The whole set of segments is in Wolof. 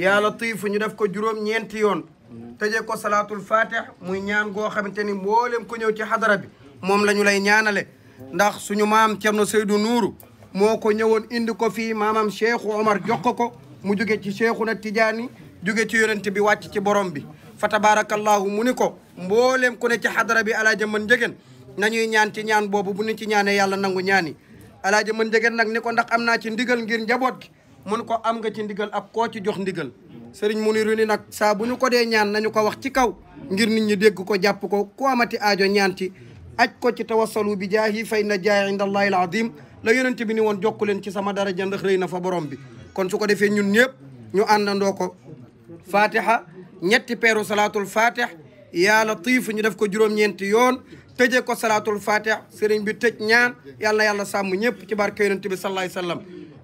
yaa latifu ñu def ko juróom ñeenti yoon tëjee ko salaatul fatih muy ñaan goo xamante ni mboolem ko ñëw ci xadara bi moom la ñu lay ñaanale ndax suñu maam Cerno seydu Nuuru moo ko ñëwoon indi ko fii maamam Cheikhu Omar jox ko ko mu jóge ci Cheikhuna Tijaani jóge ci yonent bi wàcc ci borom bi fa tabaarakallahu mu ni ko mboolem ku ne ci xadara bi alaaja mën njëgeen nañuy ñaan ci ñaan boobu bu ñu ci ñaanee yàlla nangu ñaani alaaja mën njëgeen nag ni ko ndax am naa ci ndigal ngir njaboot gi mun ko am nga ci ndigal ak koo ci jox ndigal sëriñ Muniru ni nag saa bu ñu ko dee ñaan nañu ko wax ci kaw ngir nit ñi dégg ko jàpp ko ku amati aajo ñaan ci aj ko ci tawassalu bi jaahi fay na jaahi inda allahi alazim la yonent bi ni woon jokku leen ci sama daraja ndax rëy na fa borom bi kon su ko defee ñun ñëpp ñu àndandoo ko fatiha ñetti peeru salaatul fatih yaa latiif ñu def ko juróom-ñeenti yoon tëjee ko salaatul fatih sëriñ bi tej ñaan yàlla yàlla sàmm ñëpp ci barke yonent bi sallallahu alayhi wa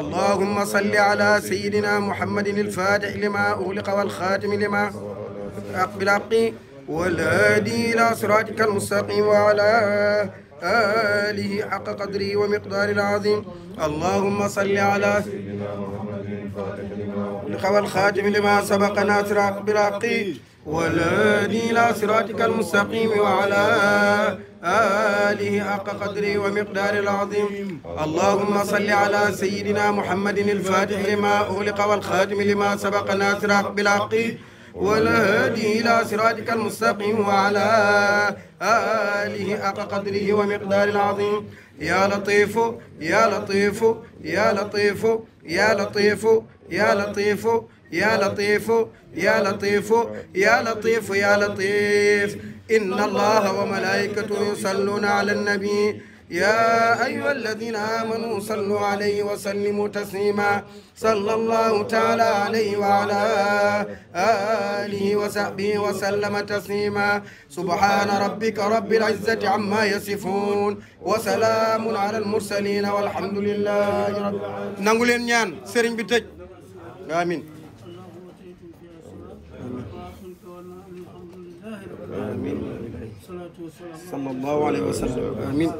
اللهم صل على سيدنا محمد الفاتح لما أغلق والخاتم لما أقبل والهادي إلى صراطك المستقيم وعلى آله حق قدره ومقداره العظيم اللهم صل على سيدنا محمد لخوى الخاتم لما سبق ناصر براقي والهادي إلى صراطك المستقيم وعلى آله حق قدره ومقدار العظيم اللهم صل على سيدنا محمد الفاتح لما أغلق والخاتم لما سبق ناصر بالحق والهادي إلى صراطك المستقيم وعلى آله حق قدره ومقدار العظيم يا لطيف يا لطيف يا لطيف يا لطيف يا لطيف يا لطيف يا لطيف يا لطيف يا لطيف إن الله وملائكته يصلون على النبي يا أيها الذين آمنوا صلوا عليه وسلموا تسليما صلى الله تعالى عليه وعلى آله وصحبه وسلم تسليما سبحان ربك رب العزة عما يصفون وسلام على المرسلين والحمد لله رب العالمين نقول نيان سيرين بتج آمين آمين صلى الله عليه وسلم آمين